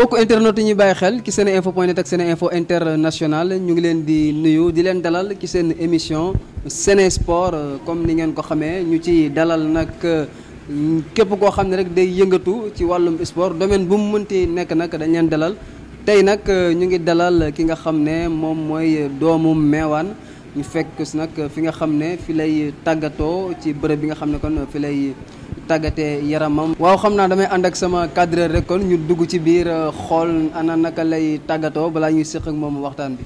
mbokku internet yi ñuy bàyyi xel ki seen info point net ak seen info international ñu ngi leen di nuyu di leen dalal ki seen émission Sene Sport euh, comme ni ngeen ko xamee ñu ci dalal nag euh, képp koo xam ne rek day yëngatu ci wàllum sport domaine bu mu mënti nekk nag dañ leen dalal tey nag euh, ñu ngi dalal ki nga xam ne moom mooy doomu meewaan ñu fekk nag fi nga xam ne fi lay tàggatoo ci bërëb bi nga xam ne kon fi lay tàggatee yaramam. waaw xam naa damay ànd ak sama cadreur rek kon ñu dugg ci biir euh, xool ana naka lay tàggatoo balaa ñuy séq ak moom waxtaan bi.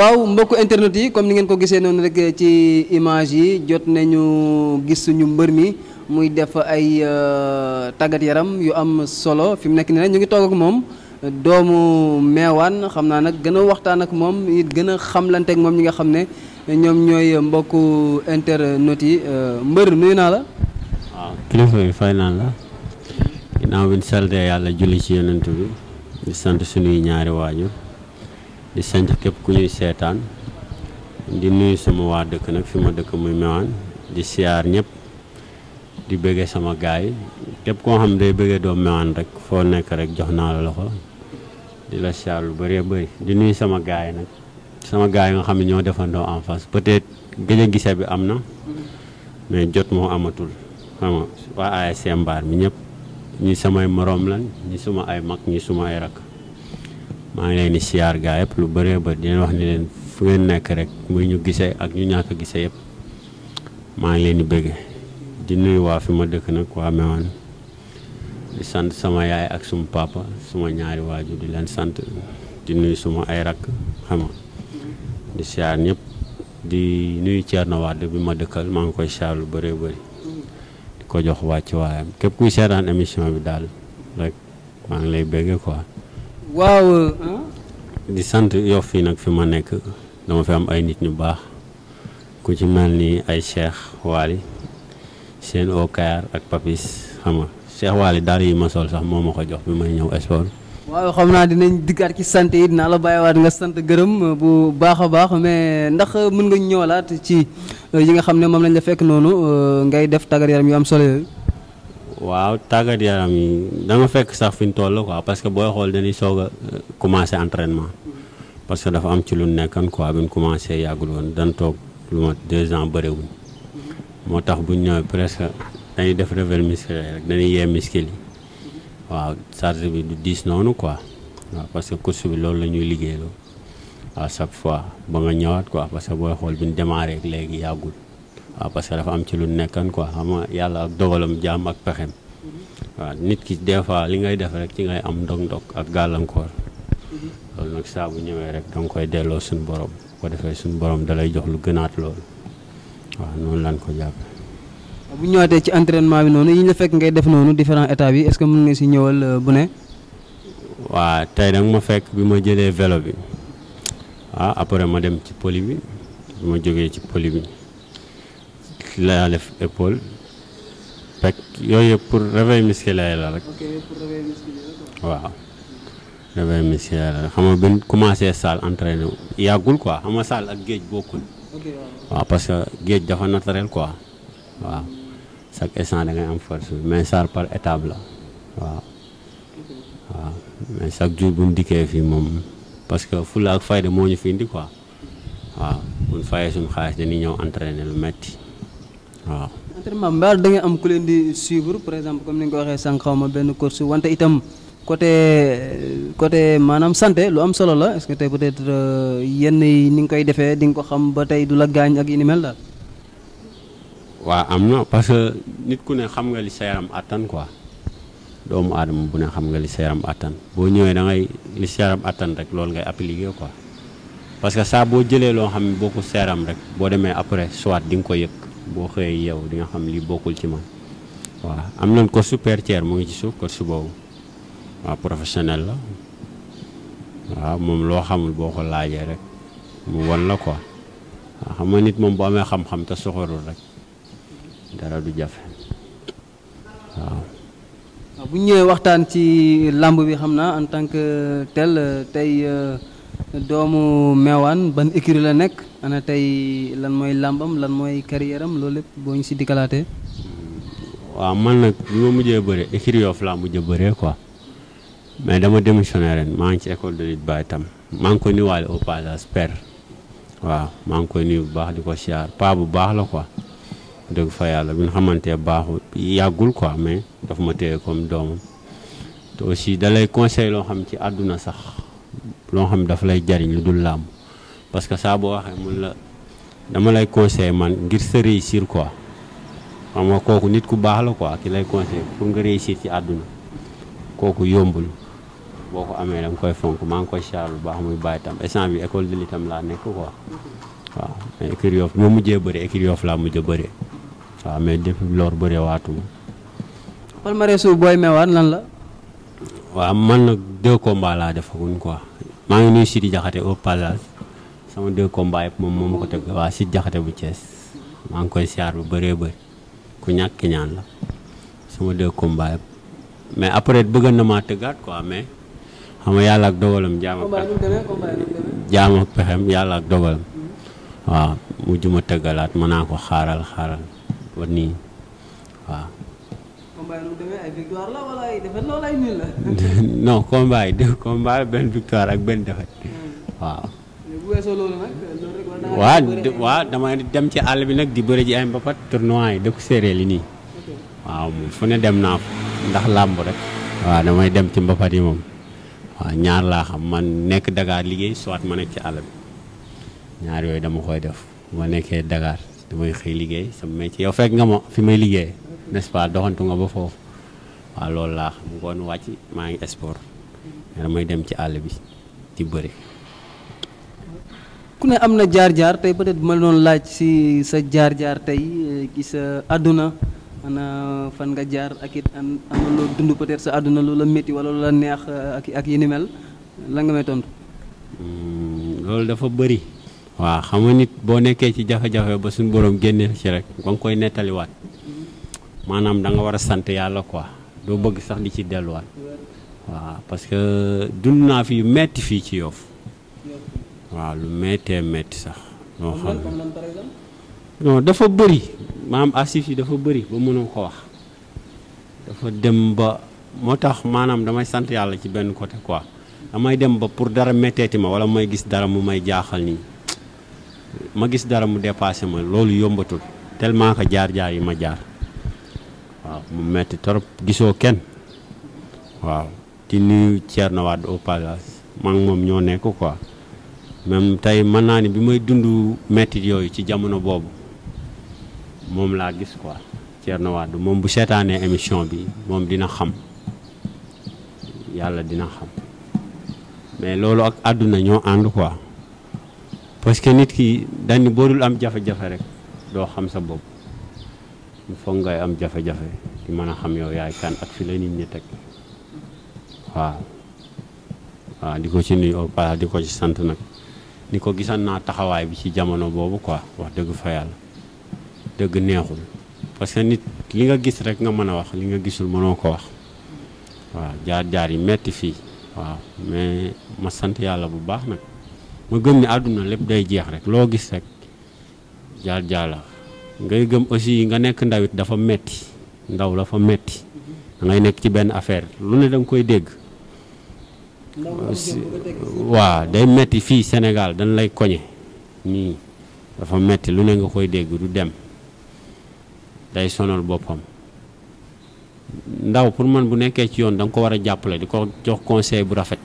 waaw mbokku internet yi comme ni ngeen ko gisee noonu rek ci image yi jot nañu gis suñu mbër mi muy def ay euh, tàggat yaram yu am solo fi mu nekk nii nag ñu ngi toog ak moom doomu meewaan xam naa nag gën a waxtaan ak moom it gën a xamlante ak moom ñi nga xam ne ñoom ñooy mbokku internet yi euh, mbër nuyu naa la. waaw kilifa bi fay naa la. ginnaaw bi yàlla julli ci yonent bi di sant suñuy ñaari waajur di sant képp ku ñuy seetaan di nuyu sama waa dëkk nag fi ma dëkk muy Méouane di siyaar ñëpp di bëggee sama gaay yi képp koo xam day bëggee doom Méouane rek foo nekk rek jox naa la loxo di la siyaar lu bëree bëri di nuyu sama gaay yi nag sama gaay yi nga xam ne ñoo defandoo en face peut-être gëj a gise bi am na mais jot moo amatul xam nga waa ASC mi ñëpp ñu samay moroom lan ñi suma ay mag ñi suma ay rakk maa ngi leen di siyaar gaa yëpp lu baree ba di leen wax ni leen fu ngeen nekk rek muy ñu gisee ak ñu ñàkk gise yëpp maa ngi leen di bëgge di nuyu waa fi ma dëkk nag waa Mewane di sant sama yaay ak suma papa suma ñaari waajur di leen sant di nuyu suma ay rakk xam ñëpp di nuyu Thierno Wade bi ma dëkkal maa ngi koy siyaar lu bëree bëri di ko jox wàcc waayam képp kuy seetaan émission bi daal rek maa ngi lay bëgge quoi waaw. Euh, di sant yof fii nag fi ma nekk dama fi am ay nit ñu baax ku ci mel ni ay Cheikh Waly seen okaar ak Papis xam nga Cheikh Waly daal yi ma sol sax moo ma ko jox bi may ñëw sport. waaw xam naa dinañ dikkaat ci sant yi dinaa la bàyyiwaat nga sant gërëm euh, bu baax a baax mais ndax euh, mën nga ñëwalaat ci yi nga xam ne moom lañ la fekk noonu ngay def tàggat yaram yu am solo yooyu. waaw tàggat yaram yi dama fekk sax fi ñu toll quoi parce que booy xool dañuy soog a euh, commencé entraînement parce que dafa am ci lu nekkan quoi bi ñu commencé yàggul woon dañ toog lu ma deux ans bëriwuñ moo tax bu ñu ñëwee presque dañuy def réveil musculaire rek dañuy yee muscle yi waaw charge bi du diis noonu quoi waaw parce que course bi loolu la ñuy liggéeyloo à chaque fois ba nga ñëwaat quoi parce que booy xool bi ñu démarré léegi yàggul. waaw parce que dafa am ci lu nekkan quoi am nga yàlla ak dogalam jaam ak pexem waaw nit ki des fois li ngay def rek ci ngay am ndog-ndog ak gàllankoor loolu nag saa ñëwee rek danga koy delloo suñu borom ko defee suñu borom dalay jox lu gënaat loolu waaw noonu lañ ko jàppe bu ñëwaatee ci entraînement bi noonu yi ñu la fekk ngay def noonu différents état bi est que mën nga si ñëwal euh, bu ne. waa tey nag ma fekk bi ma jëlee velo bi ah après ma dem ci poli bi ma jógee ci poli bi. laa def épaule pec yooyu yëpp pour réveil musculaire la rek. ok pour réveil musculaire la waaw. réveil musculaire la xam bi ñu commencé salle entraîné yàggul quoi xam nga ak géej bokkul. waaw parce que géej dafa naturel quoi waaw chaque instant da ngay am force mais salle par étape la waaw. mais chaque jour bu ñu fii moom parce que fulla ak fayda moo ñu fi indi quoi waaw bu ñu suñu xaalis dañuy ñëw entraîné lu metti waaw. entraînement mbaa da nga am ku leen di suivre par exemple comme ni nga ko waxee sànq xaw ma benn course wante itam côté côté maanaam santé lu am solo la est-ce que tey peut-être euh, yenn yi ni nga koy defee di nga ko xam ba tey du la gaañ ak yu ni mel daal. waaw am na parce que nit ku ne xam nga li sa yaram attan quoi doomu aadama bu ne xam nga li sa yaram attan boo ñëwee da ngay li sa yaram attan rek loolu ngay appliquer quoi parce que saa boo jëlee loo xam ne boo ko sa yaram rek boo demee après soit di ko yëg. boo xëyee yow di nga xam li bokkul ci man waa am nañ coach supérieur mu ngi ci suuf coach boobu waaw professionnel la waaw moom loo xamul boo ko laajee rek mu won la ko waaw xam nga nit moom bu amee xam-xam te soxorul rek dara du jafe waaw. bu ñëwee waxtaan ci làmb bi xam naa en tant que tel tey. Euh, doomu Mewane ban écurie la nekk ana tey lan mooy làmbam lan mooy carrière loolu lépp boo ñu si dikkalaatee. waa man nag bi ma mujjee bëre écurie Yoff laa mujjee bëree ko mais dama démissionné ren maa ngi ci école de lutte baay Tam maa ngi koy nuyuwaale au passage waaw maa ngi koy nuyu bu baax di ko siyaar pa bu baax la quoi dëgg fa yàlla bi nga xamante baaxul yàggul ko mais daf ma téye comme doomam te aussi da conseil loo xam ci àdduna sax. loo xam dafa lay jariñ lu dul làmb parce que saa boo waxee mun la dama lay conseiller man ngir sa réussir quoi xam nga kooku nit ku baax la quoi ki lay conseiller pour nga réussir ci àdduna kooku yombul boo ko amee dama koy fonk maa ngi koy char lu baax muy bàyyi tam instant bi école de l'itam laa nekk quoi waaw mais écurie Yoff ma mujjee bëri écurie Yoff laa mujj a bëri waaw mais depuis loor bëree waatuma palmarèsu booy meewaan lan la waaw man nag deux combats laa defaguñ quoi maa ngi nuyu Sidi Diakhaté au passage sama deux combats yëpp moom ma ko teg waa Sidi jaxate bu cees maa ngi koy siyaar bu bëree bëri ku ñàkk ñaan la sama deux combats yëpp mais après bëgg na maa tëggaat quoi mais xam nga yàlla ak dogalam jaam ak pexem yàlla ak dogalam waaw mujj ma tëggalaat mën naa ko xaaral xaaral ba nii waaw combat yi nu mu benn victoire ak benn défaite hmm. waaw. bu weesoo dem ci àll bi nag di bëri ji ay mbapat tournoi yi dëkku séeréer li nii. waaw fu ne dem naa ndax làmb rek. waaw damay dem ci mbapat yi moom. waaw ñaar laa xam man nekk Dakar liggéey soit ma nekk ci àll bi ñaar yooyu dama koy def ma nekkee Dakar damay xëy liggéey sama métier yow fekk nga ma fi may liggéey n'est-ce doxantu nga ba foofu waaw loolu laa xam ngoon wàcc maa ngi sport damay dem ci àll bi di bëri. ku ne am na jaar-jaar tey peut-être ma doon laaj si sa jaar-jaar tey eh, ci sa àdduna ana fan nga jaar ak it am na loo dund peut-être sa àdduna neex eh, ak ak yi ni mel lan nga may tontu. Hmm, loolu dafa bëri. waaw xam nga nit boo nekkee ci jafe-jafe ba suñu boroom génne ci rek ba nga koy nettaliwaat. maanaam da nga war a sant yàlla quoi doo bëgg sax di ci delluwaat waaw parce que dund naa fi yu metti fii ci yoofu waaw lu mettee metti sax noo dafa bëri maam asif yi dafa bëri ba mënoo ko wax dafa dem ba moo tax maanaam damay sant yàlla ci benn côté quoi damay dem ba pour dara metteeti ma wala may gis dara mu may jaaxal nii ma gis dara mu dépassé ma loolu yombatul tellement que jaar-jaar yi ma jaar waaw mu metti trop gisoo kenn waaw ti ni Thierno na au passage maa moom ñoo nekk quoi même tey mën naa ni bi may dund mettit yooyu ci jamono boobu moom laa gis quoi na wàdd moom bu seetaanee émission bi moom dina xam yàlla dina xam mais loolu ak àdduna ñoo ànd quoi parce que nit ki dañ ni boo dul am jafe-jafe rek doo xam sa bopp foog ngay am jafe-jafe ci mën a xam yow yaay kan ak fi la nit ñi teg waaw waaw di ko ci nuyu au di ko ci sant nag ni ko gisan naa taxawaay bi ci jamono boobu quoi wax dëgg fa yàlla dëgg neexul parce que nit li nga gis rek nga mën a wax li nga gisul mënoo ko wax waaw jaar-jaar yi metti fii waaw mais ma sant yàlla bu baax nag ma gëm ni àdduna lépp day jeex rek loo gis rek jaar-jaar la ngay gëm aussi nga nekk ndawit dafa metti ndaw dafa metti da nekk ci benn affaire lu ne da koy dégg waa day metti fii Sénégal dañ lay koñe nii dafa metti lu ne nga koy dégg du dem day sonal boppam ndaw pour man bu nekkee ci yoon danga ko war a jàppale di ko jox conseil bu rafet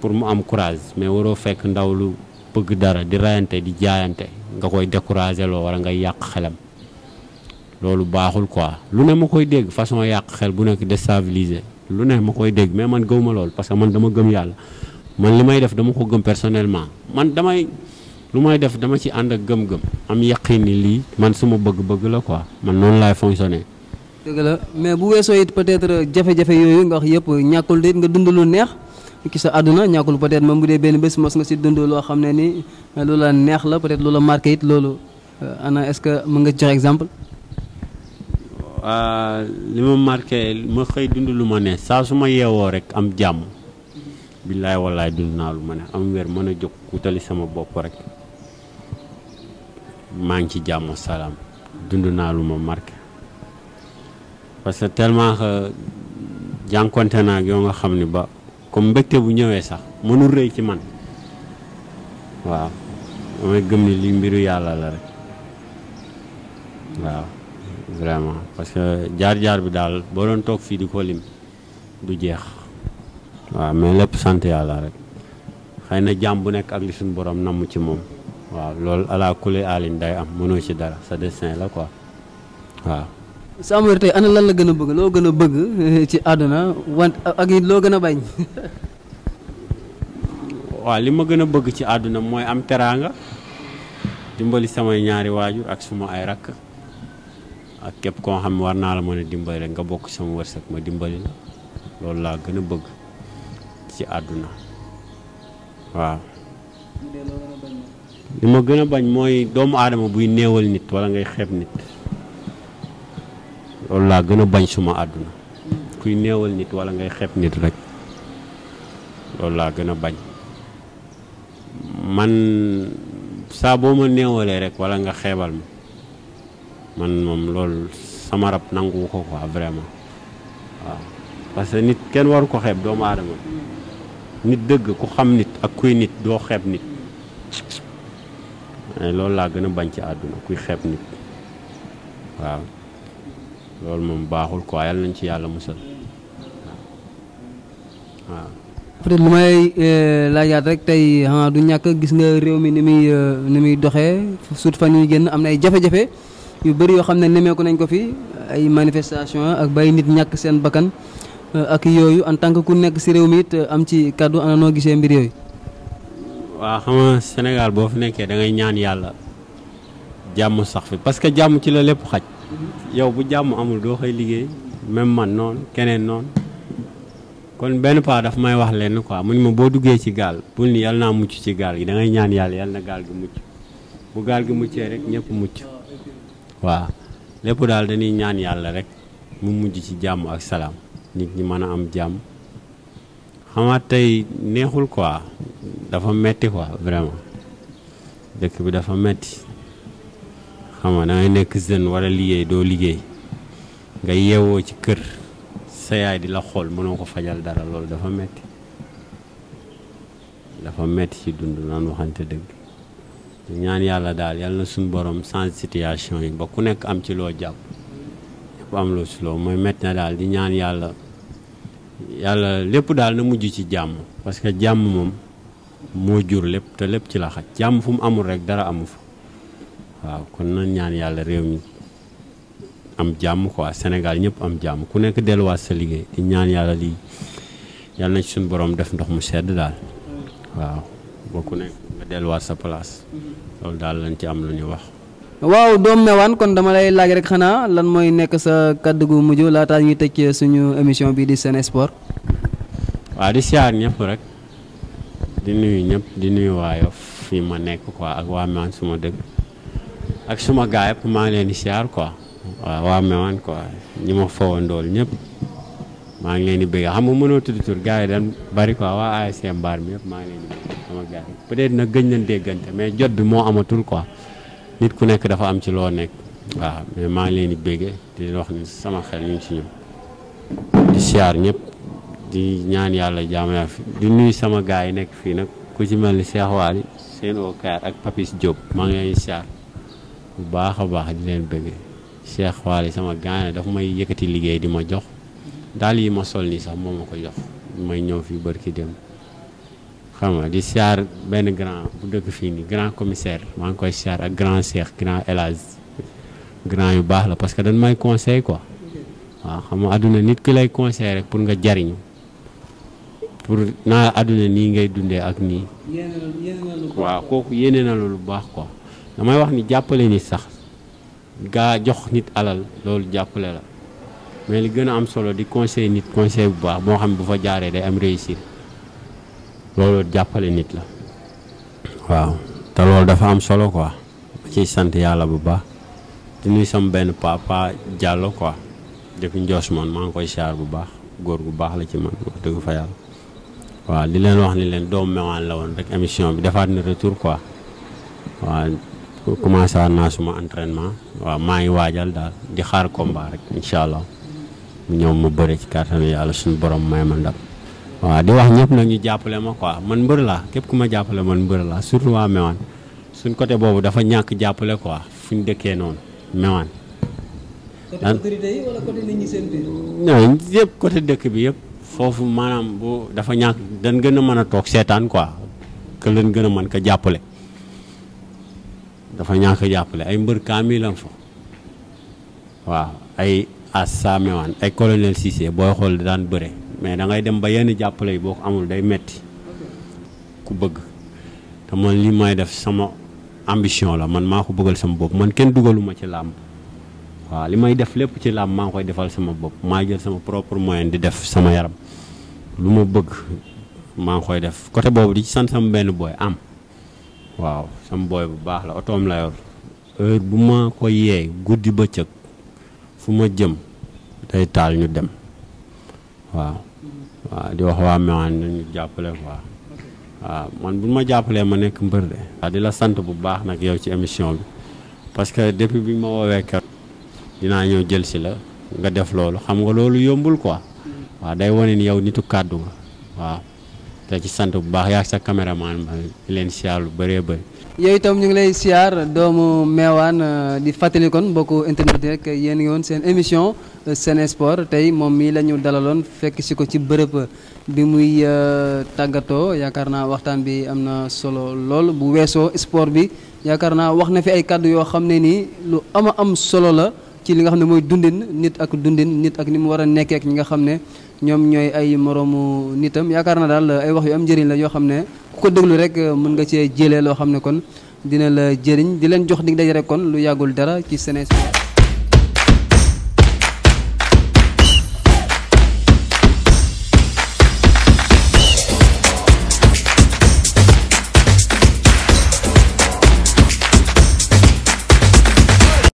pour mu am courage mais waroo fekk ndaw lu bëgg dara di rayante di jaayante nga koy décourager loo wala ngay yàq xelam loolu baaxul quoi lu ne ma koy dégg façon yàq xel bu nekk déstabiliser lu ne ma koy dégg mais man gëwma lool parce que man dama gëm yàlla man li may def dama ko gëm personnellement man damay lu may def dama ci ànd ak gëm-gëm am yaqin ni lii man suma bëgg-bëgg la quoi man noonu laay fonctionner. dëgg la mais bu weesoo it peut-être jafe-jafe yooyu nga wax yëpp ñàkkul it nga dund lu neex. ki sa àdduna ñàkkul peut-être moom bu dee benn bés mos nga si dund loo xam ne ni euh, lu la neex la peut-être lu la marqué it loolu euh, ana est-ce que mën nga jox exemple. Euh, li ma marke ma xëy dund lu ma ne saa su ma yeewoo rek am jàmm. billaay wallaay dund naa lu ma ne am wér mën a jóg wutali sama bopp rek maa ngi ci jàmm salaam dund naa lu ma marqué parce que tellement que jànkonte naa yoo nga xam ni ba. comme mbégte bu ñëwee sax mënul rey ci man waaw damay gëm ni li mbiru yàlla la rek waaw vraiment parce que jaar-jaar bi daal boo doon toog fii di ko lim du jeex waaw mais lépp sant yàlla rek xëy na jàmm bu nekk ak li suñu borom namm ci moom waaw loolu ala kulli alin day am mënoo ci dara sa destin la quoi waaw Samuel tey ana lan la gën a bëgg loo gën a bëgg eh, ci àdduna want ak it loo gën a bañ. waaw li ma gën a bëgg ci àdduna mooy am teraanga dimbali samay ñaari waajur ak suma ay rakk ak képp koo xam ne war naa la mën a dimbali rek nga bokk sama wërsëg ma dimbali la loolu laa gën a bëgg ci àdduna waaw. li ma gën a bañ mooy doomu aadama buy néewal nit wala ngay xeeb nit. loolu laa gën a bañ suma àdduna kuy néewal nit wala ngay xeeb nit rek loolu laa gën a bañ man saa boo ma néewalee rek wala nga xeebal ma man moom loolu sama rab nangu ko ko quoi vraiment waaw parce que nit kenn waru ko xeeb doomu aadama nit dëgg ku xam nit ak kuy nit doo xeeb nit eh, loolu laa gën a bañ ci àdduna kuy xeeb nit waaw loolu moom baaxul ko yàlla nañ ci yàlla musal waaw. peut-être lu may euh, laajaat rek tey ah, du ñàkk gis nga réew mi ni muy euh, ni muy doxee surtout fan génn am na ay jafe-jafe yu bëri yoo xam ne nemeeku nañ ko fi ay manifestation ak bay nit ñàkk seen bakkan euh, ak yooyu en tant que ku nekk si réew mi it am ci kàddu ana noo gisee mbir yooyu. waaw xam nga Sénégal boo fi nekkee da ngay ñaan yàlla jàmm sax fi parce que jàmm ci la lépp xaj. yow bu jàmm amul doo xëy liggéey même man noonu keneen noonu kon benn paa daf may wax lenn ko mu ni ma boo duggee ci gaal bul ni yàlla naa mucc ci gaal gi da ñaan yàlla yàlla na gaal gi mucc bu gaal gi muccee rek ñépp mucc waaw lépp daal dañuy ñaan yàlla rek mu mujj ci jàmm ak salaam nit ñi mën a am jàmm xamaat tey neexul quoi dafa metti ko vraiment dëkk bi dafa metti xam nga da ngay nekk jeune war a liggéey doo liggéey nga yewoo ci kër sa yaay di la xool mënoo ko fajal dara loolu dafa metti dafa metti ci dund naan waxante dëgg ñaan yàlla daal yàlla suñu borom sans situation yi ba ku nekk am ci loo jàpp am loo si mooy metti daal di ñaan yàlla yàlla lépp daal na mujj ci jàmm parce que jàmm moom moo jur lépp te lépp ci la xaj jàmm fu mu amul rek dara amu fa waaw kon nañ ñaan yàlla réew mi am jàmm quoi senegal ñëpp am jàmm ku nekk delluwaat sa liggéey i ñaan yàlla lii yàlla na ci suñu boroom def ndox mu sedd daal waaw ba ku delluwaat sa place daal lañ ci am lu ñu wax. waaw doom Mewane kon dama lay laaj rek xanaa lan mooy nekk sa kaddu gu mujj laataa teg tëj suñu émission bi di Sen Sport. waaw di siyaar ñëpp rek di nuyu ñëpp di nuyu waa Yoff fii ma nekk ko ak waa man suma dëkk. ak suma gaa yëpp maa ngi leen siyaar quoi waaw waa Mewane quoi ñi ma fawandool ñëpp maa ngi leen di bëgg xam nga mënoo tudd tur gars yi dañ bari quoi waa ASC Mbar mi yëpp maa ngi leen di bëgg être nag gëj nañ déggante mais jot moo amatul quoi nit ku nekk dafa am ci loo nekk waaw maa ngi leen di bëgg di wax ni sama xel ñu ngi ci ñoom di siyaar ñëpp di ñaan yàlla jaamaya fi di nuyu sama gaa yi nekk fii nag ku ci mel ni Cheikh Waly seen okaar ak Papis Diop maa ngi leen siyaar bu baax a baax di leen bëgg Cheikh Waly sama gaane daf may yëkkati liggéey di ma jox daal yi ma sol nii sax moom ma ko jox may ñëw fii barki dem xam nga di siyaar benn grand bu dëkk fii nii grand commissaire maa ngi koy siyaar ak grand Cheikh grand Elage grand yu baax la parce que dañ may conseil ko waaw xam nga àdduna nit ki lay conseil rek pour nga jariñu pour naa àdduna nii ngay dundee ak nii waaw kooku yéene na lu baax ko damay wax ni jàppale nit sax gaa jox nit alal loolu jàppale la mais li gën a am solo di conseil nit conseil bu baax moo xam bu fa jaaree day am réussir loolu jàppale nit la waaw te loolu dafa am solo quoi ci sant yàlla bu baax di nuyu sama benn paa papa Diallo quoi depuis njoos man maa ngi koy siyaar bu baax góor gu baax la ci man wax dëgg fa yàlla waaw li leen wax ni leen doom Méouane la woon rek émission bi defaat na retour quoi waaw commencé waat naa suma entrainement waaw maa ngi waajal daal di xaar combat rek incha allah mu ñëw mu bëre ci kàttanu yàlla suñu borom may ma ndam waaw di wax ñëpp nag ñu jàppale ma quoi man mbër laa képp ku ma jàppale man mbër laa surtout waa Mewane suñ côté boobu dafa ñàkk jàppale fu ñu dëkkee noonu Mewane. côté autorité côté dëkk bi yëpp foofu maanaam bu dafa ñàkk dañ gën a mën a toog seetaan quoi que lan gën a mën ko jàppale. dafa ñàkk jàppale ay mbër kaamil am fa waaw ay assamewan ay colonel Cissé booy xool daan bëre mais da ngay dem ba yenn jàppale yi boo ko amul day metti ku bëgg te man li may def sama ambition la man maa ko bëggal sama bopp man kenn dugaluma ci làmb waaw li may def lépp ci làmb maa ngi koy defal sama bopp maa jël sama propre moyen di def sama yaram lu ma bëgg maa ngi koy def côté boobu di ci sant sama benn booy am waaw sama booy bu baax la otoom la yor heure bu ma ko yee guddi ba bëccëg fu ma jëm day taal ñu dem waaw waaw di wax waa Méouane nañu jàppale quoi waaw man bu ma jàppalee ma nekk mbër de waaw di la sant bu baax nag yow ci émission bi parce que depuis bi ma woowee kër dinaa ñëw jël si la nga def loolu xam nga loolu yombul quoi waaw day wane ni yow nitu kàddu nga waaw ci sant bu baax yaa sa caméraman ma leen siyaar lu bëree bëri. yooyu itam ñu ngi lay siyaar doomu meewaan euh, di fàttalikoon kon mbokku internet yi rek yéen yoon seen émission euh, seen Sport tey moom mii la ñu dalaloon fekk si ko ci bërëb bi muy euh, tàggatoo yaakaar naa waxtaan bi am na solo lool bu weesoo sport bi yaakaar naa wax na fi ay kàddu yoo xam ne nii lu ama am solo la. ci li nga xam ne mooy dundin nit ak dundin nit ak ni mu war a nekkee ak ñi nga xam ne ñoom ñooy ay moroomu nitam yaakaar na daal ay wax yu am njëriñ la yoo xam ne ku ko déglu rek euh, mun nga cee jëlee loo xam ne kon dina la jëriñ di leen jox dig daje rek kon lu yàggul dara ci Sénégal.